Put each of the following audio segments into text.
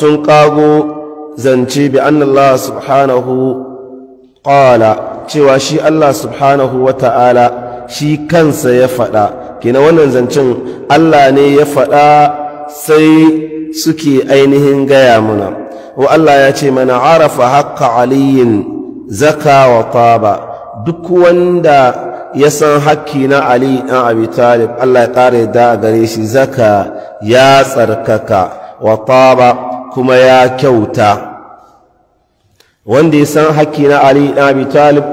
sun ƙago zance bi Allah subhanahu ƙala cewa shi Allah subhanahu wa ta'ala shi kansa ya faɗa kina wannan zancen Allah ne ya faɗa sai suke ainihin gaya muna wa Allah ya ce mana arafa haka aliyin zaka wa taba duk wanda ya san hakki na Ali ɗan Abi Talib Allah ya ƙara yadda a gare shi zaka ya tsarkaka wa taba kuma ya kyauta wanda ya san haƙƙi na ali ɗan abi talib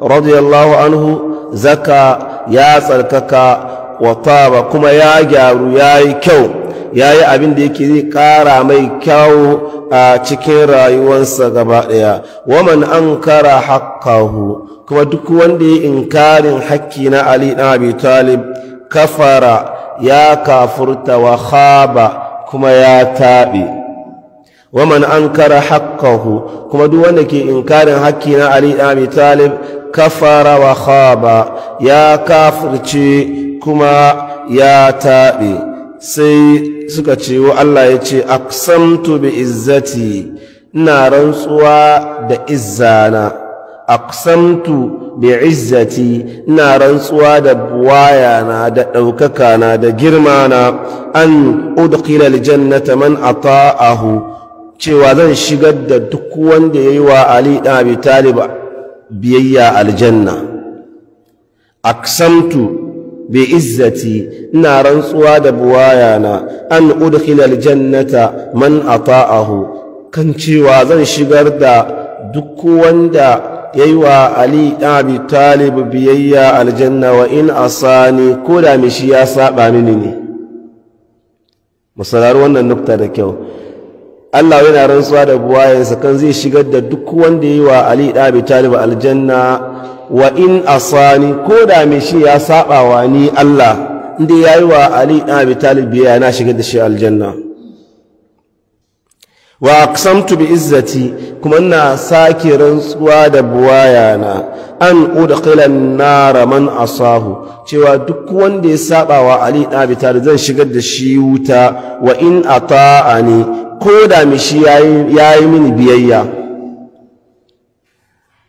radiyallahu anhu zaka ya tsarkaka wa taba kuma ya gyaru ya yi kyau ya yi abin da yake zai ƙara mai kyau a cikin rayuwarsa gaba ɗaya waman an kara haƙƙahu kuma duk wanda ya inkarin haƙƙi na ali ɗan abi talib kafara ya kafurta wa khaba kuma ya taɓe wa man ankara haqqahu kuma duk wanda ke inkarin hakki na ali dan abi talib kafara wa khaba ya kafurce kuma ya taɓe sai suka ce Allah ya ce aqsamtu bi izzati ina rantsuwa da izzana aqsamtu bi'izzati ina rantsuwa da buwayana da ɗaukaka na da girmana an udkhila aljannata man ata'ahu cewa zan shigar da duk wanda ya yi wa Ali ɗan Abi Talib biyayya aljanna aksamtu bi izzati ina rantsuwa da buwaya na an udkhila aljannata man ata'ahu kan cewa zan shigar da duk wanda ya yi wa Ali ɗan Abi Talib biyayya aljanna wa in asani ko da mishi ya saɓa mini ne mu wannan nukta da kyau Allah yana rantsuwa da buwayensa kan zai shigar da duk wanda yi wa Ali da Abi Talib aljanna wa in asani ko da me shi ya saba wa ni Allah inda ya yi wa Ali da Abi Talib biya na shigar da shi aljanna wa aqsamtu bi izzati kuma ina sake rantsuwa da buwayana an udkhila an-nar man asahu cewa duk wanda ya saba wa Ali da Abi Talib zan shigar da shi wuta wa in ata'ani ko da mai shi ya yi mini biyayya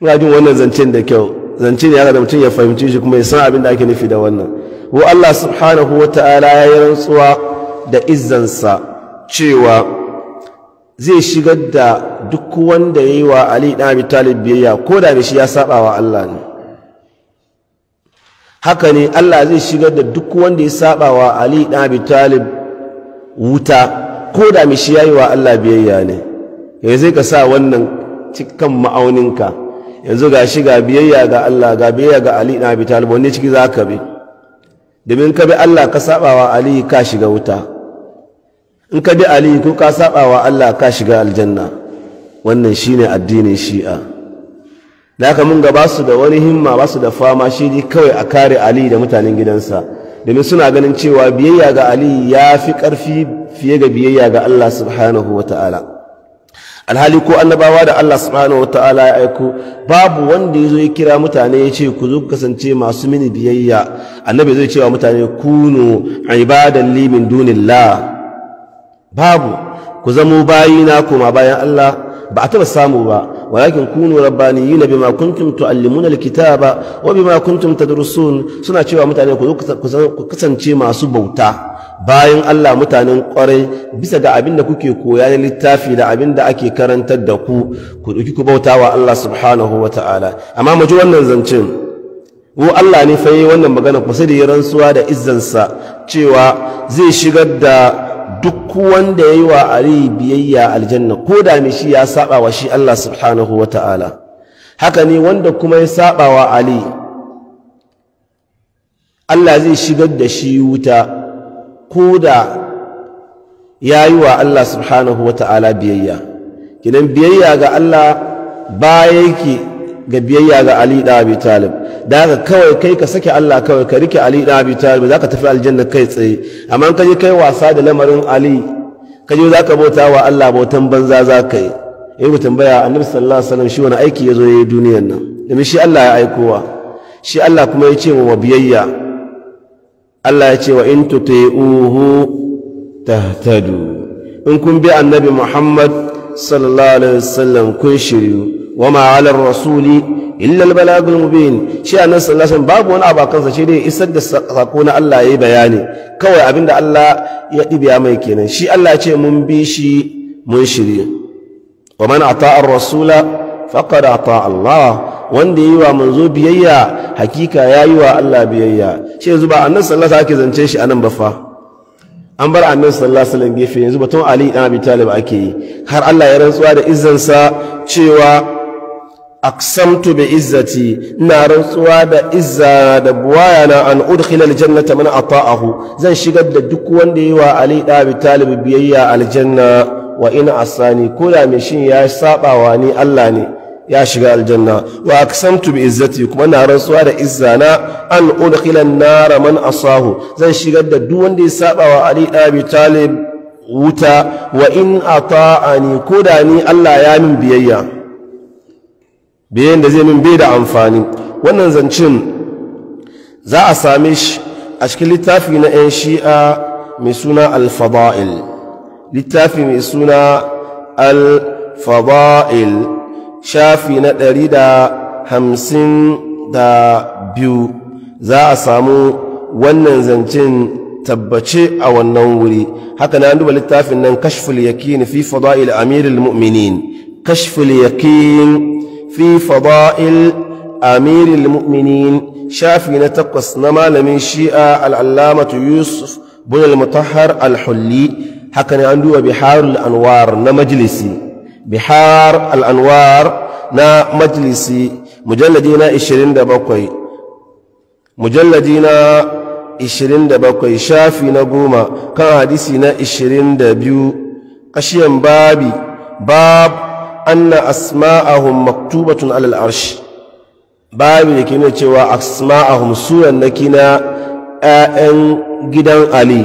ina jin wannan zancen da kyau zance ne ya da mutum ya fahimci shi kuma ya san abin da ake nufi da wannan wa Allah subhanahu wa ta'ala ya yi rantsuwa da izzansa cewa zai shigar da duk wanda ya yi wa Ali ɗan Abi Talib biyayya ko da shi ya saba wa Allah ne haka ne Allah zai shigar da duk wanda ya saba wa Ali ɗan Abi Talib wuta ko da ya yayi wa Allah biyayya ne ya zai ka sa wannan cikin ma'auninka yanzu ga shi ga biyayya ga Allah ga biyayya ga Ali na Abi Talib wanne ciki za ka bi domin ka bi Allah ka saba wa Ali ka shiga wuta in ka bi Ali ko ka saba wa Allah ka shiga aljanna wannan shine addinin Shi'a da haka mun ga su da wani himma ba su da fama shi kawai a kare Ali da mutanen gidansa domin suna ganin cewa biyayya ga ali ya fi ƙarfi fiye ga biyayya ga Allah subhanahu wa ta'ala alhali ko annabawa da Allah subhanahu wa ta'ala ya aiko babu wanda ya zo ya kira mutane ya ce ku zo kasance masu mini biyayya annabi zai cewa mutane kunu ibadan li min dunillah babu ku zamo bayina koma bayan Allah ba a taba samu ba walakin kunu rabbaniyina bima kuntum tuallimuna alkitaba wa bima kuntum tadrusun suna cewa mutane ku kasance masu bauta bayan Allah mutanen kwarai bisa ga abin da kuke koya na littafi da abin da ake karantar da ku ku duki ku bautawa Allah subhanahu wataala amma mu ji wannan zancen wo Allah ne fa yi wannan magana ku sai da rantsuwa da izzansa cewa zai shigar da duk wanda yayi wa ali biyayya aljanna ko da mai shi ya saba wa shi Allah subhanahu ta'ala haka ne wanda kuma ya saba wa ali Allah zai shigar da shi wuta ko da ya yi wa Allah subhanahu wa ta'ala biyayya kinan biyayya ga Allah ba yake ga biyayya ga Ali da Abi Talib da haka kawai kai ka sake Allah kawai ka rike Ali da Abi Talib zaka tafi aljanna kai tsaye amma ka je kai wasa da lamarin Ali ka je zaka bauta wa Allah bautan banza zaka yi eh ku tambaya Annabi sallallahu alaihi wasallam shi wani aiki yazo yayi duniyar nan domin shi Allah ya aikowa shi Allah kuma ya ce wa biyayya Allah ya ce wa in tuti'uhu tahtadu in kun bi Annabi Muhammad sallallahu alaihi wasallam kun shiryu wa ma ala rasuli illa al-balagh mubin shi annabi sallallahu alaihi babu wani abu kansa shi dai isar da sako na Allah yayi bayani kawai abinda Allah ya dibiya mai kenan shi Allah ya ce mun bi shi mun shirye wa man ata ar-rasula faqad ata Allah wanda yi wa manzo biyayya hakika yayi wa Allah biyayya shi yanzu ba annabi sallallahu alaihi ake zance shi anan ba fa an bar annabi sallallahu alaihi wasallam gefe yanzu ba. batun Ali dan Abi Talib ake yi har Allah ya rantsuwa da izzansa cewa aksamtu bi izzati ina rantsuwa da izza da buwaya na an udkhila aljannata man ata'ahu zan shigar da duk wanda yi wa ali da bi talib biyayya aljanna wa in asani da me shin ya wa ni Allah ne ya shiga aljanna wa aksamtu bi izzati kuma na rantsuwa da izza na an udkhila an-nar man asahu zan shigar da duk wanda ya wa ali da bi talib wuta wa in ata'ani koda ni Allah ya min biyayya biyan da zai min bai da amfani wannan zancin za a same shi a cikin littafi na 'yan shi'a mai suna al-fada'il littafi mai suna al-fada'il shafi na ɗari da hamsin da biyu za a samu wannan zancen tabbace a wannan wuri haka na duba littafin nan kashful yakin fi fada'il amirul mu'minin kashful yakin في فضائل أمير المؤمنين شافي نتقص نما لمن شيئا العلامة يوسف بن المطهر الحلي حقا عنده بحار الأنوار نمجلسي بحار الأنوار نمجلسي مجلدينا إشرين دبقوي مجلدينا إشرين دبقوي شافي نقوم كان حديثنا إشرين دبيو أشياء بابي باب anna asma'ahum maktubatun alal arshi babu da ke cewa asma'ahum suran na kina ƴaƴan gidan ali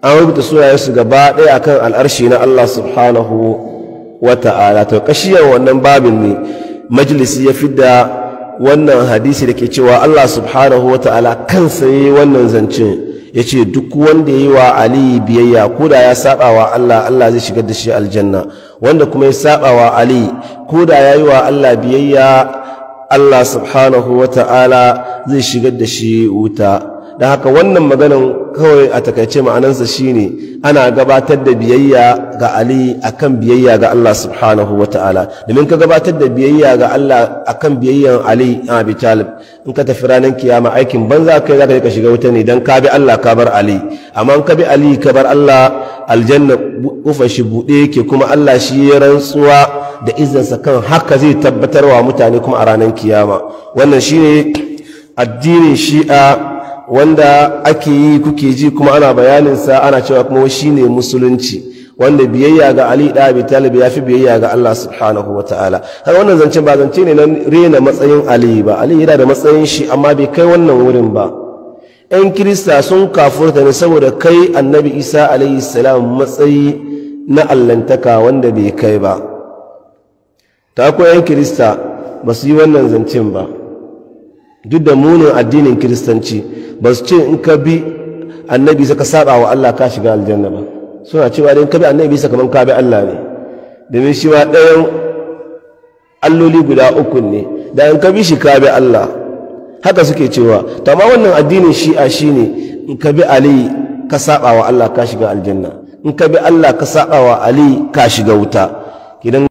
an rubuta sunayensu gaba ɗaya akan al'arshi na Allah subhanahu wa ta'ala to kashiyar wannan babin ne majalisi ya fidda wannan hadisi da ke cewa Allah subhanahu wa ta'ala kansa yi wannan zancen ya ce duk wanda ya yi wa ali biyayya ko da ya saba wa Allah Allah zai shigar da shi aljanna wanda kuma ya saba wa ali ko da yayi wa Allah biyayya Allah subhanahu wata'ala zai shigar da shi wuta don haka wannan maganan kawai a takaice ma'anansa shine ana gabatar da biyayya ga Ali akan biyayya ga Allah subhanahu wa ta'ala domin ka gabatar da biyayya ga Allah akan biyayyan Ali a Abi Talib in ka tafi ranar kiyama aikin banza kai zaka je ka shiga wuta ne dan ka bi Allah ka bar Ali amma in ka bi Ali ka bar Allah aljanna kufar shi buɗe ke kuma Allah shi ya rantsuwa da izinsa kan haka zai tabbatar wa mutane kuma a ranar kiyama wannan shine addinin shi'a wanda ake yi kuke ji kuma ana bayaninsa ana cewa kuma shi ne musulunci wanda biyayya ga Ali da Abi Talib ya fi biyayya ga Allah subhanahu wa ta'ala har wannan zance ba zance ne na rena matsayin Ali ba Ali yana da matsayin shi amma bai kai wannan wurin ba ‘yan Kirista sun kafurta ne saboda kai annabi Isa alayhi salam matsayi na allantaka wanda bai kai ba ta ‘yan Kirista ba su yi wannan zancen ba duk da munin addinin kiristanci ba su ce in ka bi annabi saka saba wa Allah ka shiga aljanna ba suna cewa idan in ka bi annabi saka man ka bi Allah ne domin shi ma ɗayan alloli guda uku ne da in ka bi shi ka bi Allah haka suke cewa to amma wannan addinin shi'a shine in ka bi Ali ka saba wa Allah ka shiga aljanna in ka bi Allah ka saba wa Ali ka shiga wuta kidan